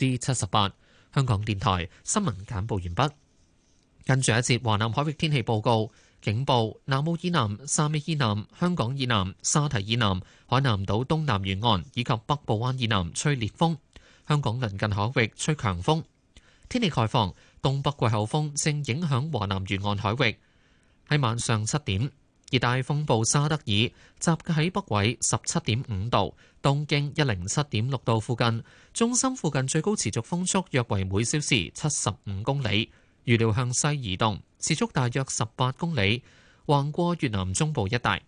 跌七十八。香港電台新聞簡報完畢。跟住一節華南海域天氣報告。警報：南澳以南、三米以南、香港以南、沙提以南、海南島東南沿岸以及北部灣以南吹烈風，香港鄰近海域吹強風。天氣概況：東北季候風正影響華南沿岸海域。喺晚上七點。熱帶風暴沙德爾集喺北緯十七點五度、東經一零七點六度附近，中心附近最高持續風速約為每小時七十五公里，預料向西移動，時速大約十八公里，橫過越南中部一帶。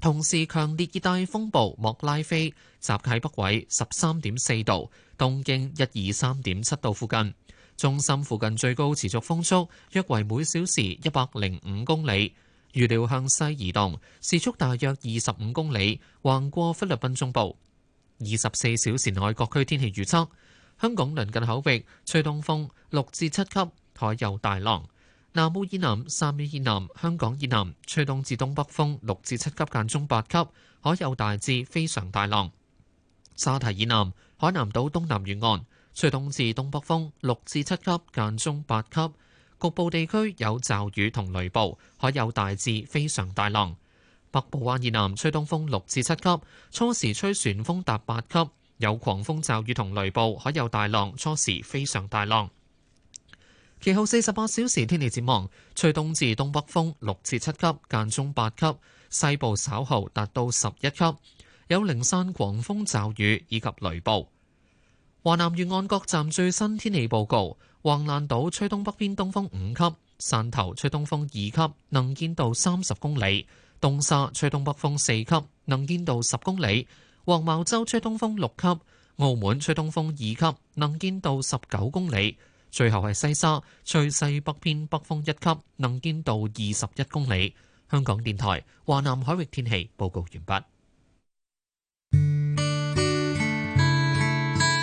同時，強烈熱帶風暴莫拉菲集喺北緯十三點四度、東經一二三點七度附近，中心附近最高持續風速約為每小時一百零五公里。預料向西移動，時速大約二十五公里，橫過菲律賓中部。二十四小時內各區天氣預測：香港鄰近海域吹東風，六至七級，海有大浪；南澳以南、汕尾以南、香港以南吹東至東北風，六至七級間中八級，海有大至非常大浪；沙堤以南、海南島東南沿岸吹東至東北風，六至七級間中八級。局部地區有驟雨同雷暴，海有大至非常大浪。北部灣以南吹東風，六至七級，初時吹旋風達八級，有狂風驟雨同雷暴，海有大浪，初時非常大浪。其後四十八小時天氣展望，吹東至東北風，六至七級，間中八級，西部稍後達到十一級，有零散狂風驟雨以及雷暴。華南沿岸各站最新天氣報告：橫瀾島吹東北偏東風五級，汕頭吹東風二級，能見度三十公里；東沙吹東北風四級，能見度十公里；黃茅洲吹東風六級，澳門吹東風二級，能見度十九公里；最後係西沙吹西北偏北風一級，能見度二十一公里。香港電台華南海域天氣報告完畢。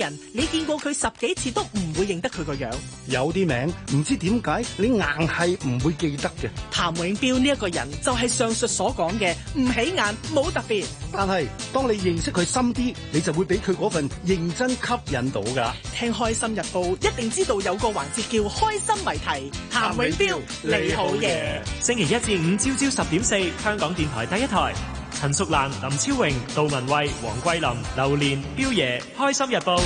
人，你見過佢十幾次都唔會認得佢個樣，有啲名唔知點解，你硬係唔會記得嘅。譚永彪呢一個人就係上述所講嘅，唔起眼，冇特別。但係當你認識佢深啲，你就會俾佢嗰份認真吸引到噶。聽開心日報，一定知道有個環節叫開心謎題。譚永彪，譚永彪，你好嘢。你好耶星期一至五朝朝十點四，香港電台第一台。陳淑蘭、林超榮、杜文蔚、黃桂林、劉念、彪爺、開心日報、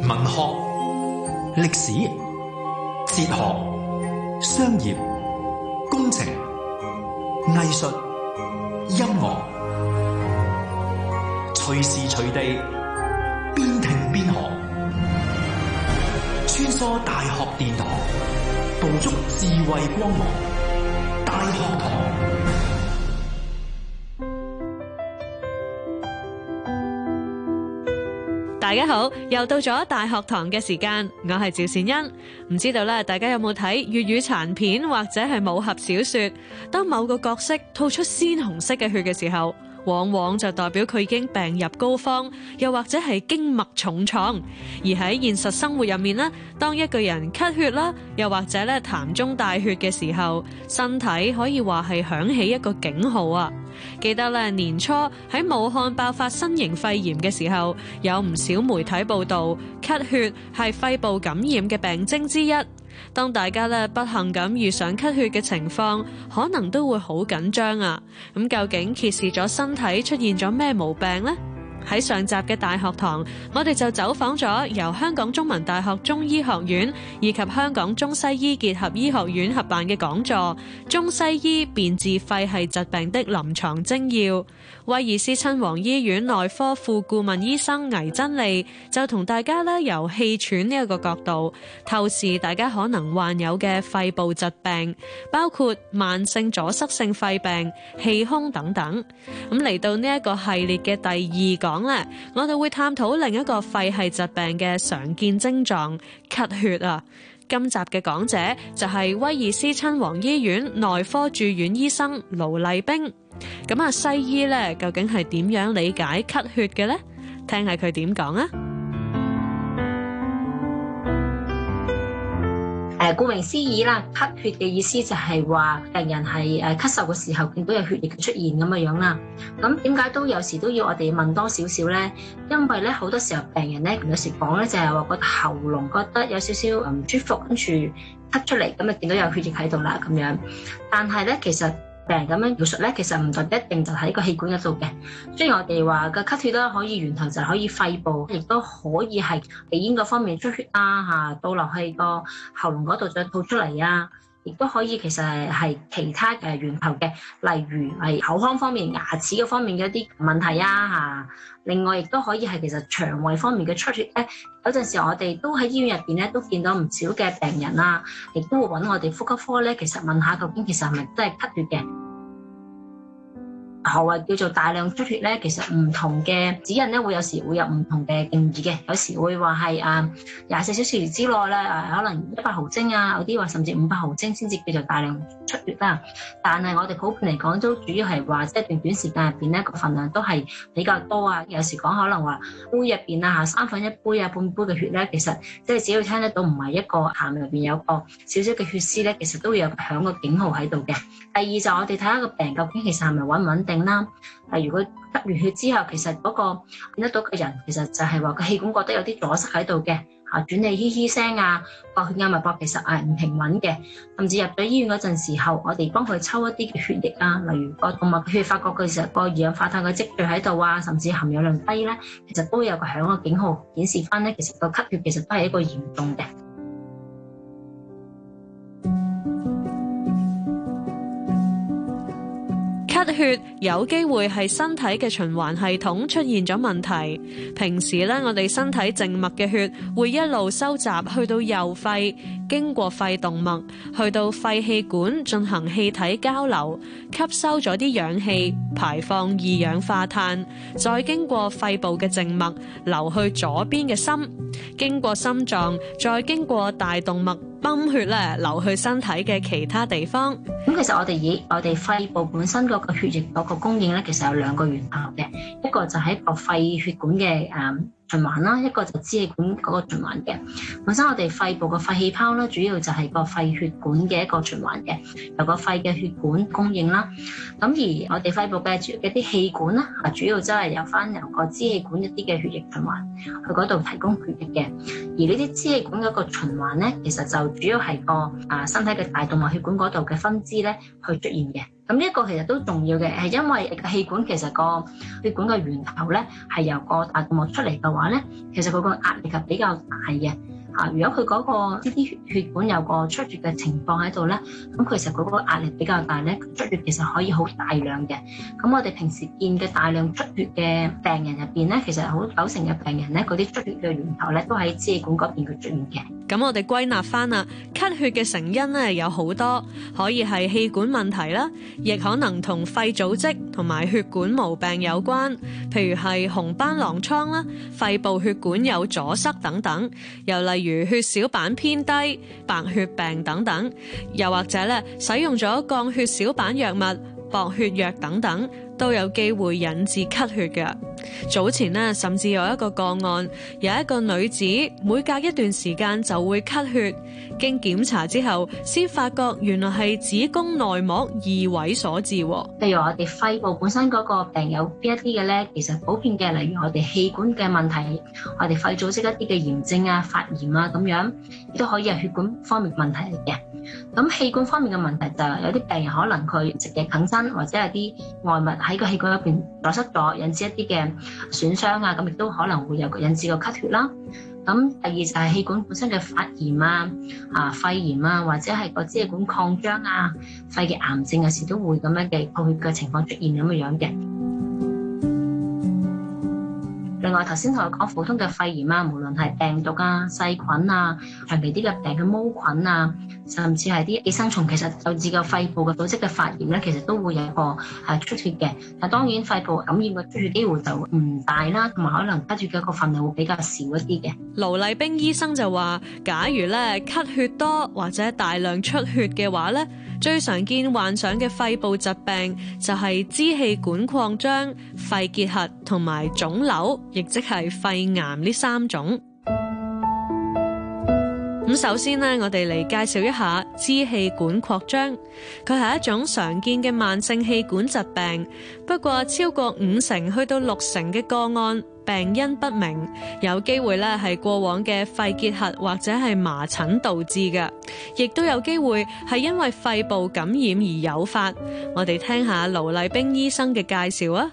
文學、歷史、哲學、商業、工程、藝術、音樂，隨時隨地邊聽邊學，穿梭大學殿堂，捕捉智慧光芒，大學堂。大家好，又到咗大學堂嘅時間，我係趙善恩。唔知道咧，大家有冇睇粵語殘片或者係武俠小說？當某個角色吐出鮮紅色嘅血嘅時候，往往就代表佢已經病入膏肓，又或者係經脈重創。而喺現實生活入面咧，當一個人咳血啦，又或者咧痰中帶血嘅時候，身體可以話係響起一個警號啊！記得咧年初喺武漢爆發新型肺炎嘅時候，有唔少媒體報道咳血係肺部感染嘅病徵之一。當大家咧不幸咁遇上咳血嘅情況，可能都會好緊張啊！咁究竟揭示咗身體出現咗咩毛病呢？喺上集嘅大學堂，我哋就走訪咗由香港中文大學中醫學院以及香港中西醫結合醫學院合辦嘅講座《中西醫辨治肺係疾病的臨床精要》。威爾斯親王醫院內科副顧問醫生倪珍利就同大家咧由氣喘呢一個角度透視大家可能患有嘅肺部疾病，包括慢性阻塞性肺病、氣胸等等。咁嚟到呢一個系列嘅第二講咧，我哋會探討另一個肺系疾病嘅常見症狀——咳血啊！今集嘅講者就係威爾斯親王醫院內科住院醫生盧麗冰。咁啊，西醫咧，究竟係點樣理解咳血嘅咧？聽下佢點講啊！誒，顧名思義啦，咳血嘅意思就係話病人係誒咳嗽嘅時候見到有血液出現咁嘅樣啦。咁點解都有時都要我哋問多少少咧？因為咧好多時候病人咧有時講咧就係話個喉嚨覺得有少少唔舒服，跟住咳出嚟咁啊，見到有血液喺度啦咁樣。但係咧，其實，病咁樣描述咧，其實唔代表一定就喺個氣管嗰度嘅。雖然我哋話個咳血啦，可以源頭就可以肺部，亦都可以係鼻咽嗰方面出血啊，嚇、啊、倒流去個喉嚨嗰度再吐出嚟啊。亦都可以，其實係其他嘅源頭嘅，例如係口腔方面、牙齒方面嘅一啲問題啊嚇。另外，亦都可以係其實腸胃方面嘅出血。誒、啊，有陣時我哋都喺醫院入邊咧，都見到唔少嘅病人啊，亦都會揾我哋呼吸科咧，其實問下究竟其實係咪真係咳血嘅。何謂叫做大量出血咧？其實唔同嘅指引咧，會有時會有唔同嘅定義嘅。有時會話係啊，廿四小時之內咧，啊可能一百毫升啊，有啲話甚至五百毫升先至叫做大量出血啦、啊。但係我哋普遍嚟講，都主要係話一段短時間入邊咧，個份量都係比較多啊。有時講可能話杯入邊啊，嚇三分一杯啊，半杯嘅血咧，其實即係只要聽得到唔係一個下面入邊有個少少嘅血絲咧，其實都會有響個警號喺度嘅。第二就我哋睇下個病究竟其實係咪穩唔穩定。啦，例如如果咳完血之後，其實嗰個見得到嘅人，其實就係話個氣管覺得有啲阻塞喺度嘅，吓喘氣嘘嘘聲啊，血壓脈搏其實係唔平穩嘅，甚至入咗醫院嗰陣時候，我哋幫佢抽一啲嘅血液啊，例如個動脈血發覺佢成個二氧化碳嘅積聚喺度啊，甚至含氧量低咧，其實都有個響嘅警號顯示翻咧，其實個咳血其實都係一個嚴重嘅。咳血有機會係身體嘅循環系統出現咗問題。平時咧，我哋身體靜脈嘅血會一路收集去到右肺，經過肺動脈去到肺氣管進行氣體交流，吸收咗啲氧氣，排放二氧化碳，再經過肺部嘅靜脈流去左邊嘅心，經過心臟，再經過大動脈。泵血咧流去身體嘅其他地方。咁其實我哋以我哋肺部本身嗰個血液嗰個供應咧，其實有兩個源頭嘅，一個就喺個肺血管嘅誒，呃循環啦，一個就支氣管嗰個循環嘅。本身我哋肺部個肺氣泡咧，主要就係個肺血管嘅一個循環嘅，由個肺嘅血管供應啦。咁而我哋肺部嘅一啲氣管啦，主要都係有翻由個支氣管一啲嘅血液循環去嗰度提供血液嘅。而呢啲支氣管一個循環咧，其實就主要係個啊身體嘅大動脈血管嗰度嘅分支咧去出現嘅。咁呢一個其實都重要嘅，係因為個氣管其實個血管個源頭咧，係由個大動脈出嚟嘅話咧，其實佢個壓力係比較大嘅。啊！如果佢嗰、嗰個呢啲血，血管有個出血嘅情況喺度咧，咁其實嗰個壓力比較大咧，出血其實可以好大量嘅。咁我哋平時見嘅大量出血嘅病人入邊咧，其實好九成嘅病人咧，嗰啲出血嘅源頭咧都喺支氣管嗰邊嘅出現嘅。咁我哋歸納翻啦，咳血嘅成因咧有好多，可以係氣管問題啦，亦可能同肺組織同埋血管毛病有關，譬如係紅斑狼瘡啦、肺部血管有阻塞等等，又例如，如血小板偏低、白血病等等，又或者咧使用咗降血小板藥物、薄血藥等等，都有機會引致咳血嘅。早前呢，甚至有一個個案，有一個女子每隔一段時間就會咳血。經檢查之後，先發覺原來係子宮內膜異位所致。例如我哋肺部本身嗰個病有邊一啲嘅咧，其實普遍嘅，例如我哋氣管嘅問題，我哋肺組織一啲嘅炎症啊、發炎啊咁樣，亦都可以係血管方面問題嚟嘅。咁氣管方面嘅問題就係、是、有啲病人可能佢食嘢鯁親，或者係啲外物喺個氣管入邊阻塞咗，引致一啲嘅損傷啊，咁亦都可能會有個引致個咳血啦。咁第二就係氣管本身嘅發炎啊、啊肺炎啊，或者係個支氣管擴張啊、肺嘅癌症有時都會咁樣嘅咳血嘅情況出現咁嘅樣嘅。另外，頭先同佢講普通嘅肺炎啊，無論係病毒啊、細菌啊、長期啲嘅病嘅毛菌啊，甚至係啲寄生蟲，其實導致個肺部嘅組織嘅發炎咧，其實都會有一個係出血嘅。但係當然，肺部感染嘅出血機會就唔大啦，同埋可能咳血嘅個份量會比較少一啲嘅。盧麗冰醫生就話，假如咧咳血多或者大量出血嘅話咧。最常見患上嘅肺部疾病就係支氣管擴張、肺結核同埋腫瘤，亦即係肺癌呢三種。咁 首先呢，我哋嚟介紹一下支氣管擴張，佢係一種常見嘅慢性氣管疾病，不過超過五成去到六成嘅個案。病因不明，有機會咧係過往嘅肺結核或者係麻疹導致嘅，亦都有機會係因為肺部感染而誘發。我哋聽下盧麗冰醫生嘅介紹啊。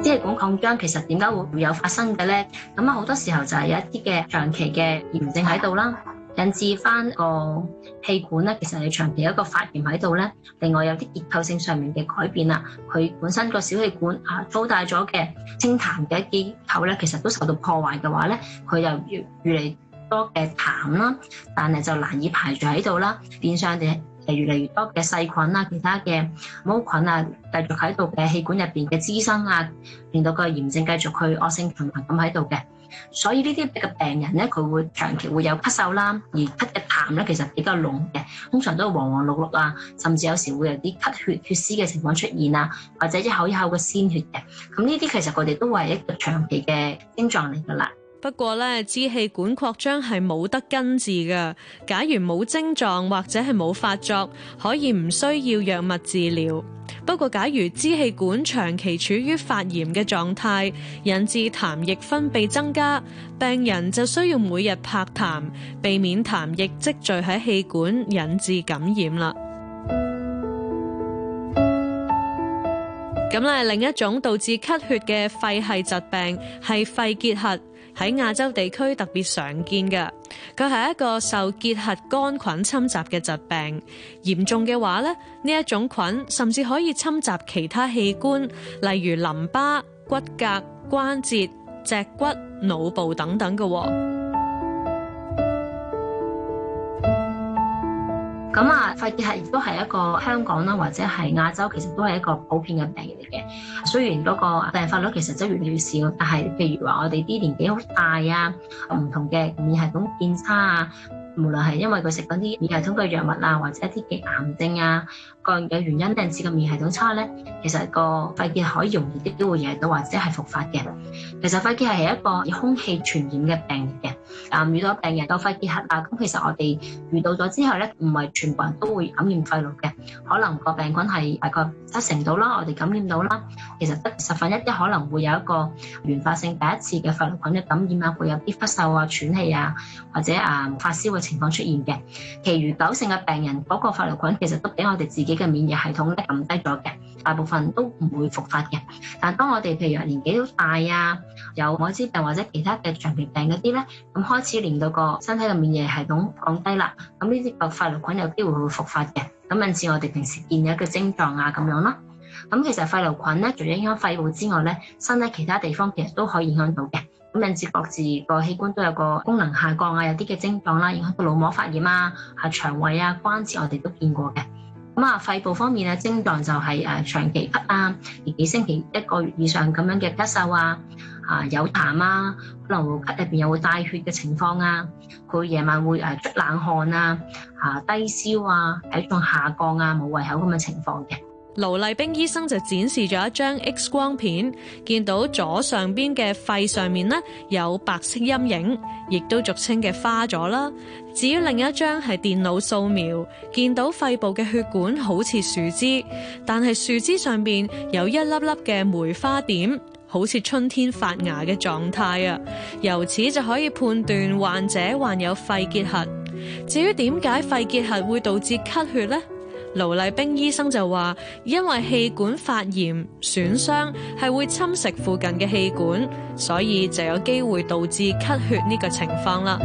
即係管擴張，其實點解會會有發生嘅咧？咁啊，好多時候就係有一啲嘅長期嘅炎症喺度啦。引致翻個氣管咧，其實係長期有一個發炎喺度咧，另外有啲結構性上面嘅改變啦，佢本身個小氣管啊粗大咗嘅，清痰嘅結構咧，其實都受到破壞嘅話咧，佢就越越嚟多嘅痰啦，但係就難以排除喺度啦，變相嘅誒越嚟越多嘅細菌啊、其他嘅毛菌啊，繼續喺度嘅氣管入邊嘅滋生啊，令到個炎症繼續去惡性循環咁喺度嘅。所以呢啲嘅病人咧，佢會長期會有咳嗽啦，而咳嘅痰咧，其實比較濃嘅，通常都係黃黃綠綠啊，甚至有時會有啲咳血、血絲嘅情況出現啊，或者一口一口嘅鮮血嘅。咁呢啲其實佢哋都係一個長期嘅症狀嚟噶啦。不過咧，支氣管擴張係冇得根治㗎。假如冇症狀或者係冇發作，可以唔需要藥物治療。不過，假如支氣管長期處於發炎嘅狀態，引致痰液分泌增加，病人就需要每日拍痰，避免痰液積聚喺氣管引致感染啦。咁咧， 另一種導致咳血嘅肺系疾病係肺結核。喺亞洲地區特別常見嘅，佢係一個受結核桿菌侵襲嘅疾病。嚴重嘅話咧，呢一種菌甚至可以侵襲其他器官，例如淋巴、骨骼、關節、脊骨、腦部等等嘅。咁啊，肺結核亦都係一個香港啦，或者係亞洲，其實都係一個普遍嘅病嚟嘅。雖然嗰個病發率其實真係越嚟越少，但係譬如話我哋啲年紀好大啊，唔同嘅免疫系統變差啊。無論係因為佢食嗰啲免疫系統嘅藥物啊，或者一啲嘅癌症啊、肝嘅原因咧，涉及免疫系統差咧，其實個肺結核容易啲都會惹到或者係復發嘅。其實肺結核係一個以空氣傳染嘅病嘅，啊，遇到病人有肺結核啊，咁其實我哋遇到咗之後咧，唔係全部人都會感染肺癆嘅，可能個病菌係大概七成到啦，我哋感染到啦，其實得十分一啲可能會有一個原發性第一次嘅肺癆菌嘅感染啊，會有啲咳嗽啊、喘氣啊，或者啊發燒啊。情況出現嘅，其餘九成嘅病人個肺炎菌其實都俾我哋自己嘅免疫系統撳低咗嘅，大部分都唔會復發嘅。但當我哋譬如話年紀都大啊，有艾滋病或者其他嘅長期病啲咧，咁開始令到個身體嘅免疫系統降低啦，咁呢啲個肺炎菌有機會會復發嘅，咁引致我哋平時見嘅症狀啊咁樣咯。咁其實肺炎菌咧，除咗影響肺部之外咧，身體其他地方其實都可以影響到嘅。咁引致各自個器官都有個功能下降啊，有啲嘅症狀啦，影響到腦膜發炎啊，嚇腸胃啊，關節我哋都見過嘅。咁啊，肺部方面嘅症狀就係誒長期咳啊，而幾星期一個月以上咁樣嘅咳嗽啊，嚇有痰啊，可能會咳入邊又會帶血嘅情況啊，佢夜晚會誒出冷汗啊，嚇低燒啊，體重下降啊，冇胃口咁嘅情況嘅。盧麗冰醫生就展示咗一張 X 光片，見到左上邊嘅肺上面呢有白色陰影，亦都俗稱嘅花咗啦。至於另一張係電腦掃描，見到肺部嘅血管好似樹枝，但係樹枝上邊有一粒粒嘅梅花點，好似春天發芽嘅狀態啊。由此就可以判斷患者患有肺結核。至於點解肺結核會導致咳血呢？盧麗冰醫生就話，因為氣管發炎損傷，係會侵蝕附近嘅氣管，所以就有機會導致咳血呢個情況啦。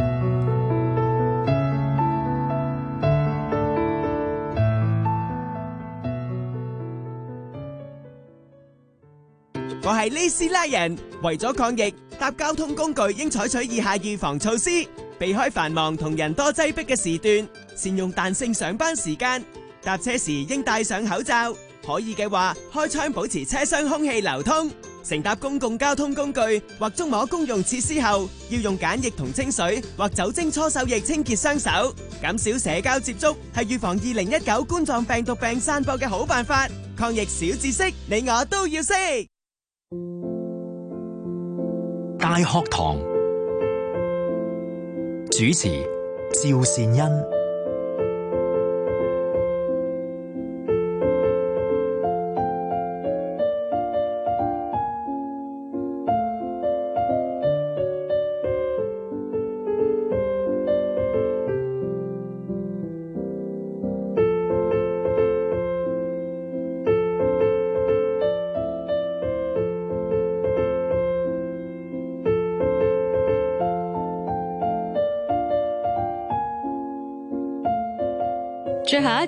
我係李斯拉人，為咗抗疫搭交通工具，應採取以下預防措施：避開繁忙同人多擠迫嘅時段，善用彈性上班時間。搭車時應戴上口罩，可以嘅話開窗保持車廂空氣流通。乘搭公共交通工具或觸摸公用設施後，要用鹼液同清水或酒精搓手液清潔雙手，減少社交接觸係預防二零一九冠狀病毒病散播嘅好辦法。抗疫小知識，你我都要識。大學堂主持趙善恩。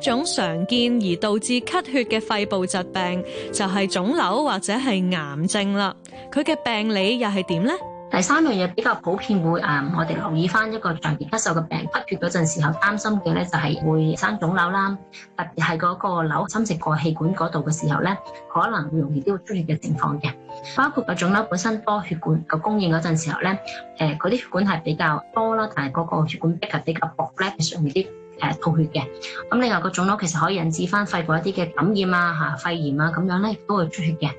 一種常見而導致咳血嘅肺部疾病就係腫瘤或者係癌症啦。佢嘅病理又係點咧？第三樣嘢比較普遍會誒，我哋留意翻一個常見咳嗽嘅病咳血嗰陣時候，擔心嘅咧就係會生腫瘤啦。特別係個個瘤侵蝕過氣管嗰度嘅時候咧，可能會容易都會出血嘅情況嘅。包括個腫瘤本身多血管嘅供應嗰陣時候咧，誒嗰啲血管係比較多啦，但係嗰個血管壁係比較薄咧，上面啲。誒、啊、吐血嘅，咁另外個腫瘤其實可以引致翻肺部一啲嘅感染啊、嚇、啊、肺炎啊咁樣咧，都會出血嘅。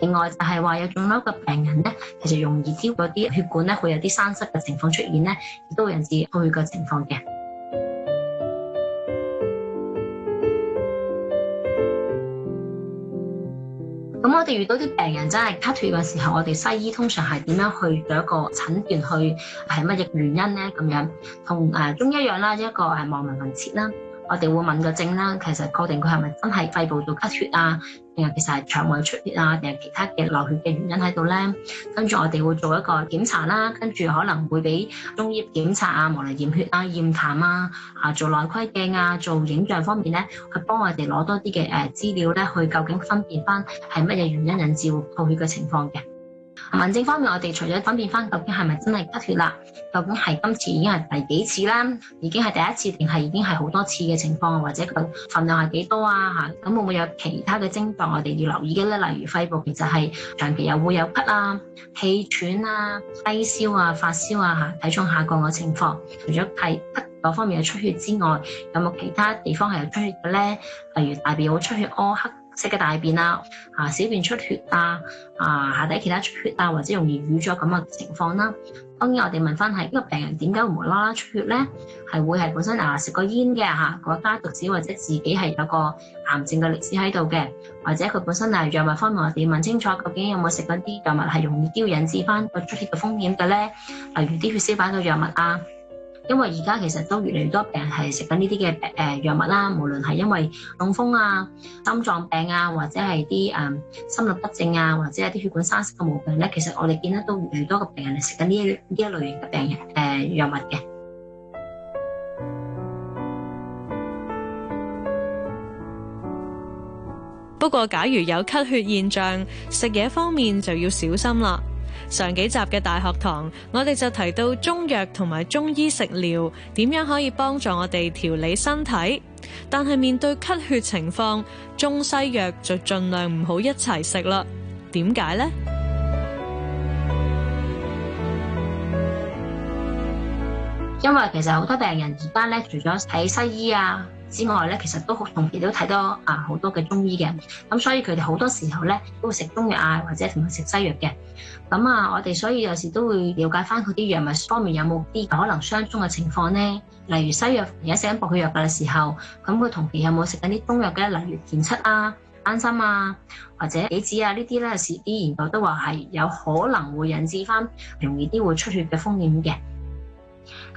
另外就係話有腫瘤嘅病人咧，其實容易丟嗰啲血管咧，會有啲生濕嘅情況出現咧，亦都會引致吐血嘅情況嘅。我哋遇到啲病人真係咳血嘅時候，我哋西醫通常係點樣去做一個診斷去係乜嘢原因咧？咁樣同誒、呃、中醫一樣啦，一個係望聞問切啦，我哋會問個證啦，其實確定佢係咪真係肺部度咳血啊？其實係腸胃出血啊，定係其他嘅流血嘅原因喺度咧，跟住我哋會做一個檢查啦，跟住可能會俾中醫檢查啊，無論驗血啊、驗痰啊，啊做內窺鏡啊、做影像方面咧，去幫我哋攞多啲嘅誒資料咧，去究竟分辨翻係乜嘢原因引致吐血嘅情況嘅。癌症方面，我哋除咗分辨翻究竟係咪真係咳血啦，究竟係今次已經係第幾次啦，已經係第一次定係已經係好多次嘅情況，或者佢份量係幾多啊？嚇，咁會唔會有其他嘅徵狀我哋要留意嘅咧？例如肺部其實係長期又會有咳啊、氣喘啊、低燒啊、發燒啊嚇、體重下降嘅情況。除咗係咳嗰方面嘅出血之外，有冇其他地方係有出血嘅咧？例如大便好出血、屙黑。食嘅大便啊，啊小便出血啊，啊下底其他出血啊，或者容易瘀咗咁嘅情況啦。當然我，我哋問翻係呢個病人點解唔無啦啦出血咧，係會係本身啊食過煙嘅嚇，啊那個、家族史，或者自己係有個癌症嘅歷史喺度嘅，或者佢本身啊藥物方面要問清楚，究竟有冇食緊啲藥物係容易誘引致翻個出血嘅風險嘅咧？例、啊、如啲血小板嘅藥物啊。因為而家其實都越嚟越多病人係食緊呢啲嘅誒藥物啦，無論係因為痛風啊、心臟病啊，或者係啲誒心律不正啊，或者係啲血管栓塞嘅毛病咧，其實我哋見得都越嚟越多嘅病人係食緊呢呢一類型嘅病人誒藥物嘅 不過假如有咳血現象，食嘢方面就要小心啦。上幾集嘅大學堂，我哋就提到中藥同埋中醫食療點樣可以幫助我哋調理身體，但係面對咳血情況，中西藥就盡量唔好一齊食啦。點解呢？因為其實好多病人而家咧，除咗睇西醫啊，之外咧，其實都同期都睇到啊好多嘅中醫嘅，咁所以佢哋好多時候咧都會食中藥啊，或者同佢食西藥嘅。咁啊，我哋所以有時都會了解翻佢啲藥物方面有冇啲可能相衝嘅情況咧。例如西藥而家食緊薄血藥嘅時候，咁佢同期有冇食緊啲中藥嘅、啊，例如田七啊、安心啊、或者杞子啊呢啲咧，有時啲研究都話係有可能會引致翻容易啲會出血嘅風險嘅。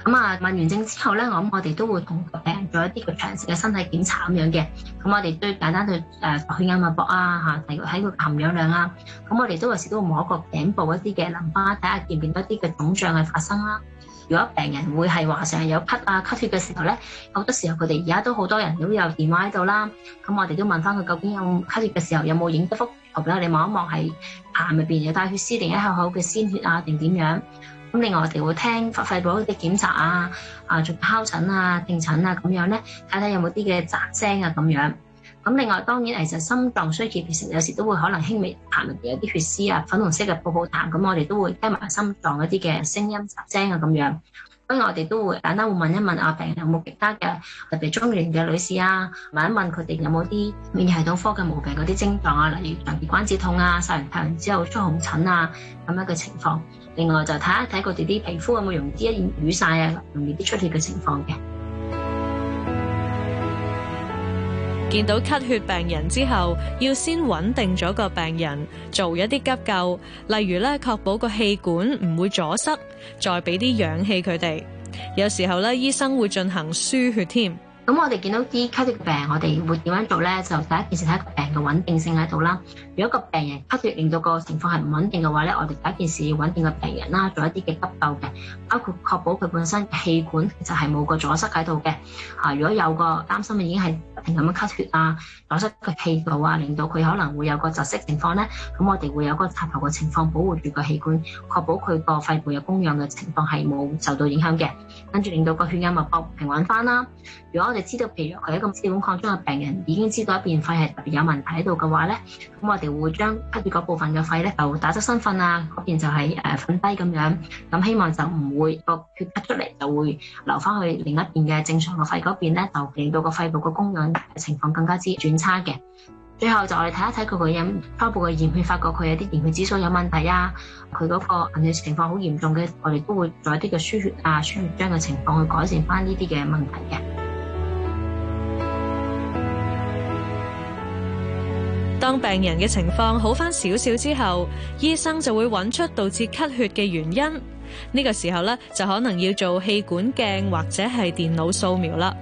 咁啊，問完症之後咧，我諗我哋都會同個病人做一啲佢詳細嘅身體檢查咁樣嘅。咁我哋最簡單去誒血壓脈搏啊，嚇，睇佢喺個含氧量啊。咁我哋都有時都會摸一個頸部一啲嘅淋巴，睇下見唔見到啲嘅腫脹嘅發生啦。如果病人會係話成日有咳啊、咳血嘅時候咧，好多時候佢哋而家都好多人都有電話喺度啦。咁我哋都問翻佢究竟有咳血嘅時候有冇影到幅圖，俾我哋望一望係痰入邊有帶血絲定一口口嘅鮮血啊，定點樣？咁另外我哋會聽肺肺部嗰啲檢查啊，啊做敲診啊、定診啊咁樣咧，睇睇有冇啲嘅雜聲啊咁樣。咁、啊、另外當然其實心臟衰竭，其實有時都會可能輕微痰入邊有啲血絲啊、粉紅色嘅泡泡痰，咁我哋都會聽埋心臟嗰啲嘅聲音雜聲啊咁樣。另外我哋都會簡單會問一問啊病人有冇其他嘅，特別中年嘅女士啊，問一問佢哋有冇啲免疫系統科嘅毛病嗰啲症狀啊，例如腸胃關節痛啊、曬完太陽之後出紅疹啊咁樣嘅情況。另外就睇一睇佢哋啲皮膚有冇容易啲淤晒啊，容易啲出血嘅情況嘅。見到咳血病人之後，要先穩定咗個病人，做一啲急救，例如咧，確保個氣管唔會阻塞，再俾啲氧氣佢哋。有時候咧，醫生會進行輸血添。咁、嗯、我哋見到啲咳血嘅病，我哋會點樣做咧？就第一件事睇個病嘅穩定性喺度啦。如果個病人咳血令到個情況係唔穩定嘅話咧，我哋第一件事要穩定個病人啦，做一啲嘅急救嘅，包括確保佢本身氣管其實係冇個阻塞喺度嘅。嚇、啊，如果有個擔心已經係。咁樣咳血啊，攞出個氣道啊，令到佢可能會有個窒息情況咧，咁我哋會有個插頭嘅情況保護住個器官，確保佢個肺部有供氧嘅情況係冇受到影響嘅，跟住令到個血壓脈搏平穩翻啦。如果我哋知道譬如佢一個血管擴張嘅病人已經知道一邊肺係特別有問題喺度嘅話咧，咁我哋會將咳血嗰部分嘅肺咧就打側身瞓啊，嗰邊就係誒瞓低咁樣，咁希望就唔會個血咳出嚟就會流翻去另一邊嘅正常嘅肺嗰邊咧，就令到個肺部個供氧。情況更加之轉差嘅。最後就我哋睇一睇佢嘅飲，初步嘅驗血發覺佢有啲驗血指數有問題啊，佢嗰個貧血情況好嚴重嘅，我哋都會做一啲嘅輸血啊、輸血漿嘅情況去改善翻呢啲嘅問題嘅。當病人嘅情況好翻少少之後，醫生就會揾出導致咳血嘅原因。呢個時候咧，就可能要做氣管鏡或者係電腦掃描啦。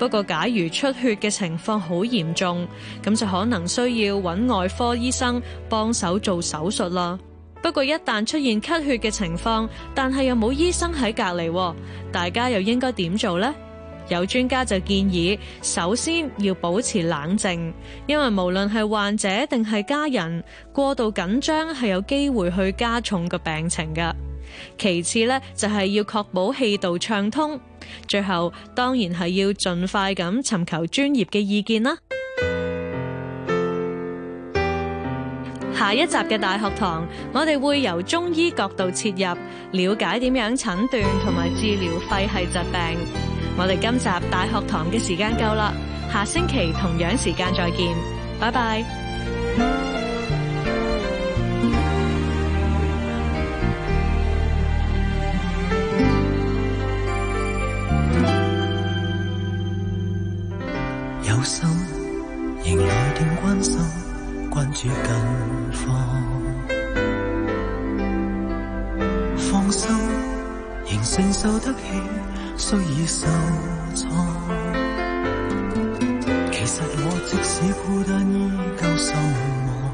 不過假如出血嘅情況好嚴重，咁就可能需要揾外科醫生幫手做手術啦。不過一旦出現咳血嘅情況，但係又冇醫生喺隔籬，大家又應該點做呢？有專家就建議，首先要保持冷靜，因為無論係患者定係家人，過度緊張係有機會去加重個病情㗎。其次咧，就係要確保氣道暢通。最後當然係要盡快咁尋求專業嘅意見啦。下一集嘅大學堂，我哋會由中醫角度切入，了解點樣診斷同埋治療肺係疾病。我哋今集大學堂嘅時間夠啦，下星期同樣時間再見，拜拜。苦心仍來電關心，關注近況。放心仍承受得起，雖已受挫。其實我即使孤單依舊心忙，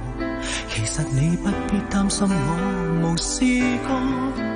其實你不必擔心我無事幹。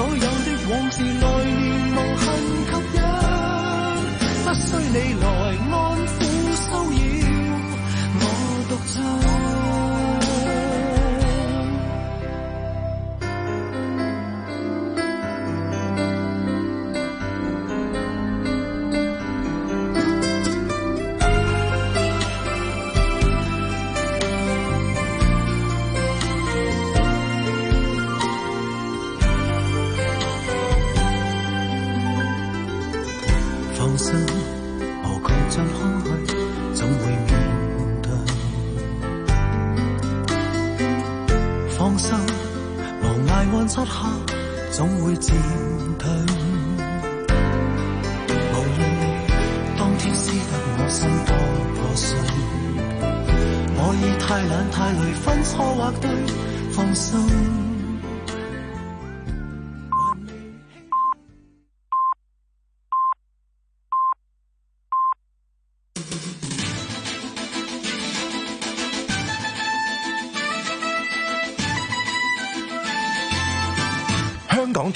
所有的往事來年無限吸引，不需你來安撫騷擾，我獨奏。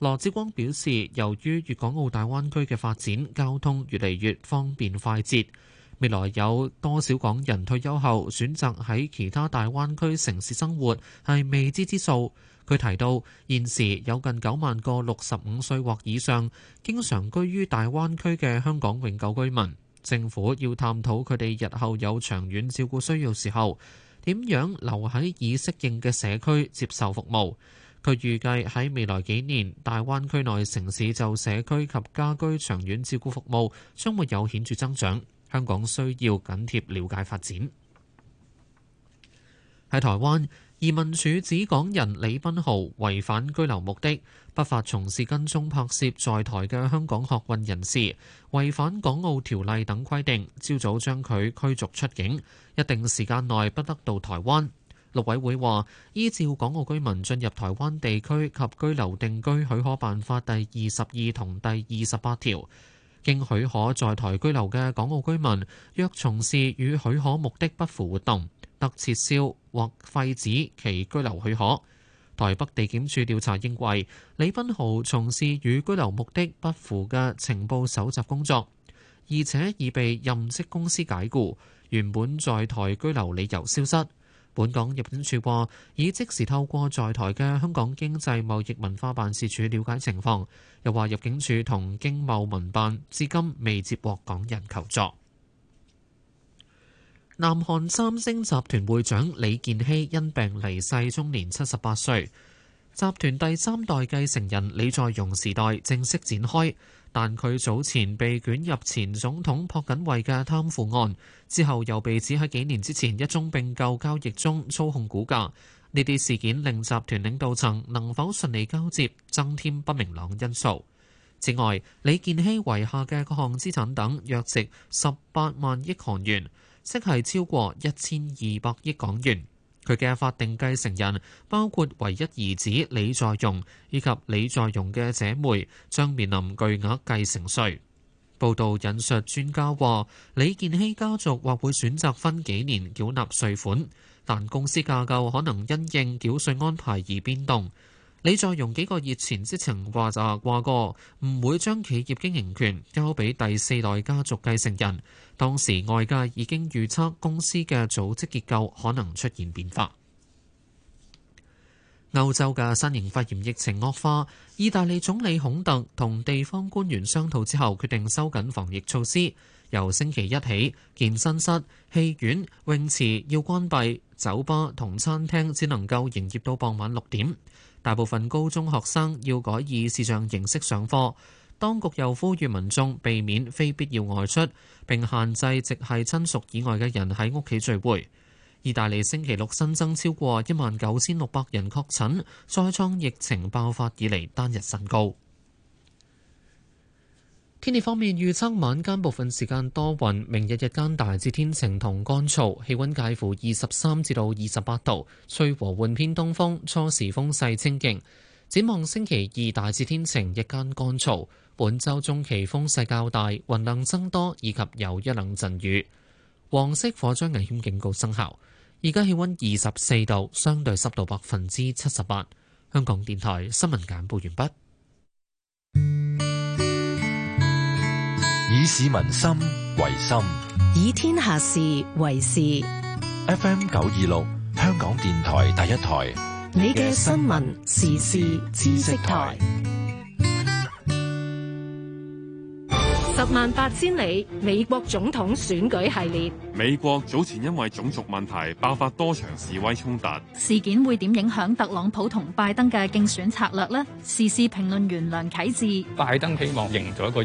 羅志光表示，由於粵港澳大灣區嘅發展，交通越嚟越方便快捷，未來有多少港人退休後選擇喺其他大灣區城市生活，係未知之數。佢提到，現時有近九萬個六十五歲或以上，經常居於大灣區嘅香港永久居民，政府要探討佢哋日後有長遠照顧需要時候，點樣留喺已適應嘅社區接受服務。據預計喺未來幾年，大灣區內城市就社區及家居長遠照顧服務將會有顯著增長。香港需要緊貼了解發展。喺台灣，移民署指港人李斌豪違反居留目的，不法從事跟蹤拍攝在台嘅香港學運人士，違反《港澳條例》等規定，朝早將佢驅逐出境，一定時間內不得到台灣。立委會話，依照《港澳居民進入臺灣地區及居留定居許可辦法》第二十二同第二十八條，經許可在台居留嘅港澳居民，若從事與許可目的不符活動，得撤銷或廢止其居留許可。台北地檢署調查認為李斌豪從事與居留目的不符嘅情報搜集工作，而且已被任職公司解僱，原本在台居留理由消失。本港入境處話，已即時透過在台嘅香港經濟貿易文化辦事處了解情況。又話入境處同經貿文辦至今未接獲港人求助。南韓三星集團會長李健熙因病離世，終年七十八歲。集團第三代繼承人李在容時代正式展開。但佢早前被捲入前總統朴槿惠嘅貪腐案，之後又被指喺幾年之前一宗併購交易中操控股價。呢啲事件令集團領導層能否順利交接，增添不明朗因素。此外，李健熙遺下嘅各項資產等，約值十八萬億韓元，即係超過一千二百億港元。佢嘅法定繼承人包括唯一兒子李在容以及李在容嘅姐妹，將面臨巨額繼承稅。報道引述專家話：李健熙家族或會選擇分幾年繳納稅款，但公司架構可能因應繳稅安排而變動。李在容幾個月前之前話，就話過唔會將企業經營權交俾第四代家族繼承人。當時外界已經預測公司嘅組織結構可能出現變化。歐洲嘅新型肺炎疫情惡化，意大利總理孔特同地方官員商討之後，決定收緊防疫措施。由星期一起，健身室、戲院、泳池要關閉，酒吧同餐廳只能夠營業到傍晚六點。大部分高中學生要改以視像形式上課，當局又呼籲民眾避免非必要外出，並限制直系親屬以外嘅人喺屋企聚會。意大利星期六新增超過一萬九千六百人確診，再創疫情爆發以嚟單日新高。天氣方面，預測晚間部分時間多雲，明日日間大致天晴同乾燥，氣溫介乎二十三至到二十八度，吹和緩偏東風，初時風勢清勁。展望星期二大致天晴，日間乾燥，本周中期風勢較大，雲量增多以及有一兩陣雨。黃色火災危險警告生效，而家氣溫二十四度，相對濕度百分之七十八。香港電台新聞簡報完畢。以市民心為心，以天下事為事。FM 九二六，香港電台第一台。你嘅新聞時事知識台，十萬八千里美國總統選舉系列。美國早前因為種族問題爆發多場示威衝突，事件會點影響特朗普同拜登嘅競選策略呢？時事評論員梁啟智，拜登希望贏咗一個。